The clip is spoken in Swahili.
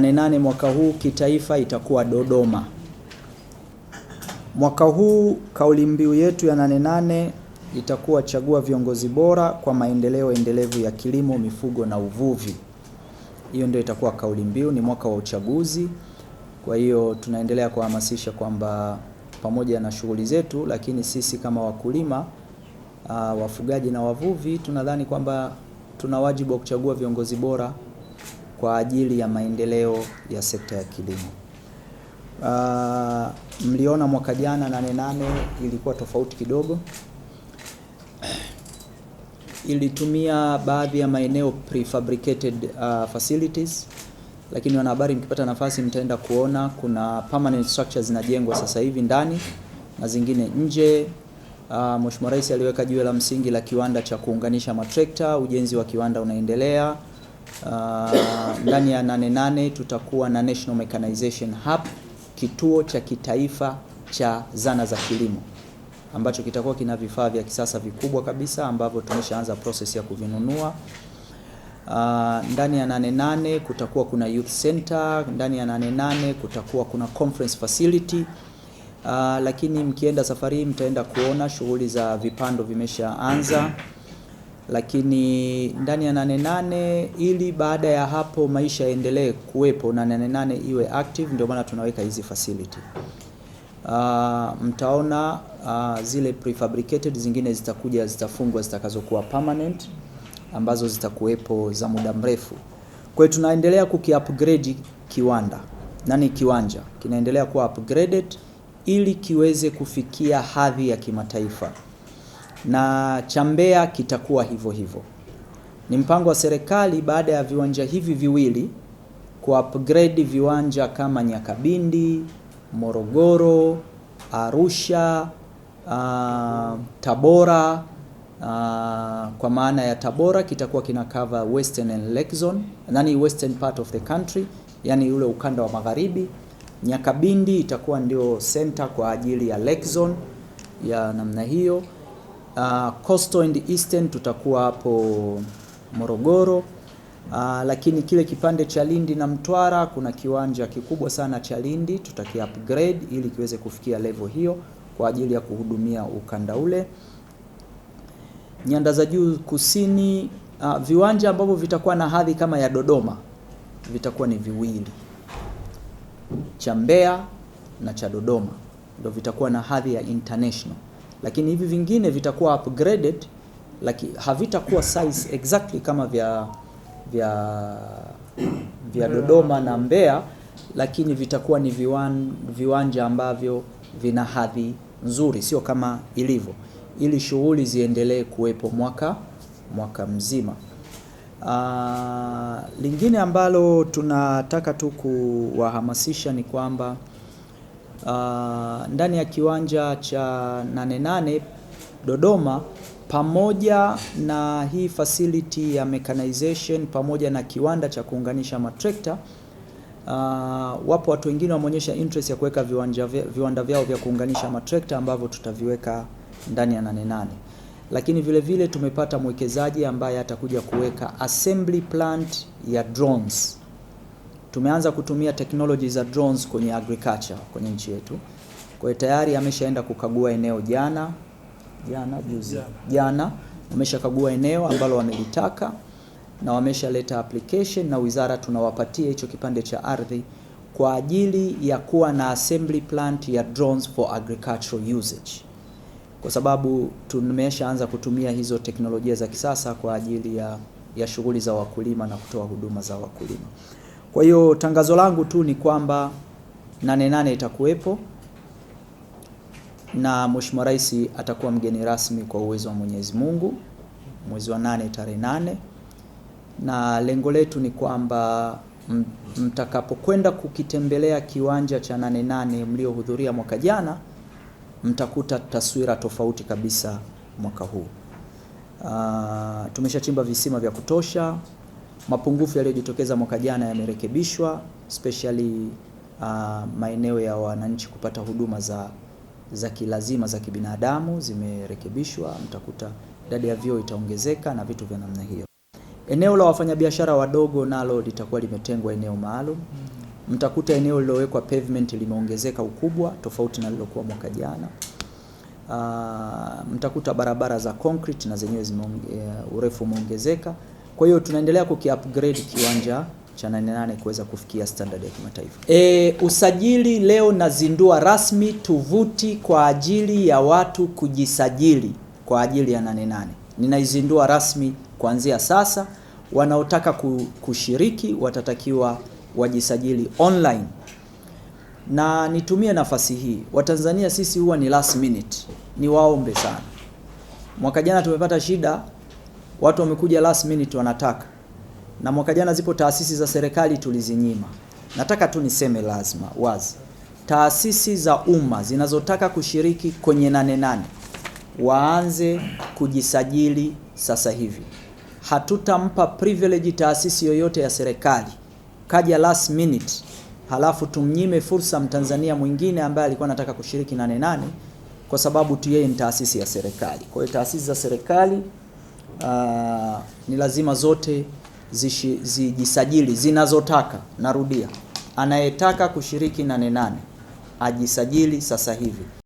nane mwaka huu kitaifa itakuwa Dodoma. Mwaka huu kauli mbiu yetu ya 88 itakuwa chagua viongozi bora kwa maendeleo endelevu ya kilimo, mifugo na uvuvi. Hiyo ndio itakuwa kauli mbiu, ni mwaka wa uchaguzi. Kwa hiyo tunaendelea kuhamasisha kwamba pamoja na shughuli zetu, lakini sisi kama wakulima uh, wafugaji na wavuvi tunadhani kwamba tuna wajibu wa kuchagua viongozi bora kwa ajili ya maendeleo ya sekta ya kilimo. Uh, mliona mwaka jana nane nane ilikuwa tofauti kidogo, ilitumia baadhi ya maeneo prefabricated uh, facilities, lakini wanahabari, mkipata nafasi mtaenda kuona kuna permanent structures zinajengwa sasa hivi ndani na zingine nje. Uh, Mheshimiwa Rais aliweka jiwe la msingi la kiwanda cha kuunganisha matrekta, ujenzi wa kiwanda unaendelea. Uh, ndani ya nane tutakuwa na National Mechanization Hub, kituo cha kitaifa cha zana za kilimo ambacho kitakuwa kina vifaa vya kisasa vikubwa kabisa ambavyo tumeshaanza process ya kuvinunua. Uh, ndani ya 88 kutakuwa kuna youth center, ndani ya nane kutakuwa kuna conference facility. Uh, lakini mkienda safari hii mtaenda kuona shughuli za vipando vimeshaanza lakini ndani ya nane nane, ili baada ya hapo maisha yaendelee kuwepo na nane nane iwe active, ndio maana tunaweka hizi facility. Uh, mtaona uh, zile prefabricated zingine zitakuja zitafungwa zitakazokuwa permanent ambazo zitakuwepo za muda mrefu. Kwa hiyo tunaendelea kukiupgrade kiwanda nani, kiwanja kinaendelea kuwa upgraded ili kiweze kufikia hadhi ya kimataifa na cha Mbeya kitakuwa hivyo hivyo. Ni mpango wa serikali baada ya viwanja hivi viwili ku upgrade viwanja kama Nyakabindi, Morogoro, Arusha, uh, Tabora Uh, kwa maana ya Tabora kitakuwa kina cover western and lake zone, nani western part of the country, yani ule ukanda wa magharibi. Nyakabindi itakuwa ndio center kwa ajili ya lake zone ya namna hiyo uh, Coastal and Eastern tutakuwa hapo Morogoro. Uh, lakini kile kipande cha Lindi na Mtwara kuna kiwanja kikubwa sana cha Lindi tutaki upgrade ili kiweze kufikia level hiyo kwa ajili ya kuhudumia ukanda ule. Nyanda za juu kusini, uh, viwanja ambavyo vitakuwa na hadhi kama ya Dodoma vitakuwa ni viwili, cha Mbeya na cha Dodoma ndio vitakuwa na hadhi ya international lakini hivi vingine vitakuwa upgraded, laki, havitakuwa size exactly kama vya vya vya Dodoma na Mbeya, lakini vitakuwa ni viwan, viwanja ambavyo vina hadhi nzuri, sio kama ilivyo, ili shughuli ziendelee kuwepo mwaka mwaka mzima. Uh, lingine ambalo tunataka tu kuwahamasisha ni kwamba uh, ndani ya kiwanja cha Nane Nane Dodoma pamoja na hii facility ya mechanization pamoja na kiwanda cha kuunganisha matrekta. Uh, wapo watu wengine wameonyesha interest ya kuweka viwanja viwanda vyao vya kuunganisha matrekta ambavyo tutaviweka ndani ya Nane Nane, lakini vile vile tumepata mwekezaji ambaye atakuja kuweka assembly plant ya drones tumeanza kutumia technology za drones kwenye agriculture kwenye nchi yetu. Kwa hiyo tayari ameshaenda kukagua eneo jana jana juzi jana, wameshakagua eneo ambalo wamelitaka na wameshaleta application na wizara tunawapatia hicho kipande cha ardhi kwa ajili ya kuwa na assembly plant ya drones for agricultural usage, kwa sababu tumeshaanza kutumia hizo teknolojia za kisasa kwa ajili ya, ya shughuli za wakulima na kutoa huduma za wakulima. Kwa hiyo tangazo langu tu ni kwamba nane nane itakuwepo na Mheshimiwa Rais atakuwa mgeni rasmi kwa uwezo wa Mwenyezi Mungu mwezi wa nane tarehe nane, na lengo letu ni kwamba mtakapokwenda kukitembelea kiwanja cha nane nane mliohudhuria mwaka jana mtakuta taswira tofauti kabisa mwaka huu. Uh, tumeshachimba visima vya kutosha mapungufu yaliyojitokeza mwaka jana yamerekebishwa, especially uh, maeneo ya wananchi kupata huduma za za kilazima za kibinadamu zimerekebishwa. Mtakuta idadi ya vyoo itaongezeka na vitu vya namna hiyo. Eneo la wafanyabiashara wadogo nalo litakuwa limetengwa eneo maalum. Mtakuta eneo lililowekwa pavement limeongezeka ukubwa tofauti na lilokuwa mwaka jana. Uh, mtakuta barabara za concrete na zenyewe uh, urefu umeongezeka. Kwa hiyo tunaendelea kukiupgrade kiwanja cha 88 kuweza kufikia standard ya kimataifa. E, usajili leo nazindua rasmi tuvuti kwa ajili ya watu kujisajili kwa ajili ya 88. Ninaizindua rasmi kuanzia sasa. Wanaotaka kushiriki watatakiwa wajisajili online. Na nitumie nafasi hii, Watanzania sisi huwa ni last minute, ni waombe sana. Mwaka jana tumepata shida watu wamekuja last minute wanataka, na mwaka jana zipo taasisi za serikali tulizinyima. Nataka tu niseme lazima wazi, taasisi za umma zinazotaka kushiriki kwenye nane nane waanze kujisajili sasa hivi. Hatutampa privilege taasisi yoyote ya serikali kaja last minute halafu tumnyime fursa Mtanzania mwingine ambaye alikuwa anataka kushiriki nane nane kwa sababu tu yeye ni taasisi ya serikali. Kwa hiyo taasisi za serikali uh, ni lazima zote zishi, zijisajili zinazotaka. Narudia, anayetaka kushiriki Nane Nane ajisajili sasa hivi.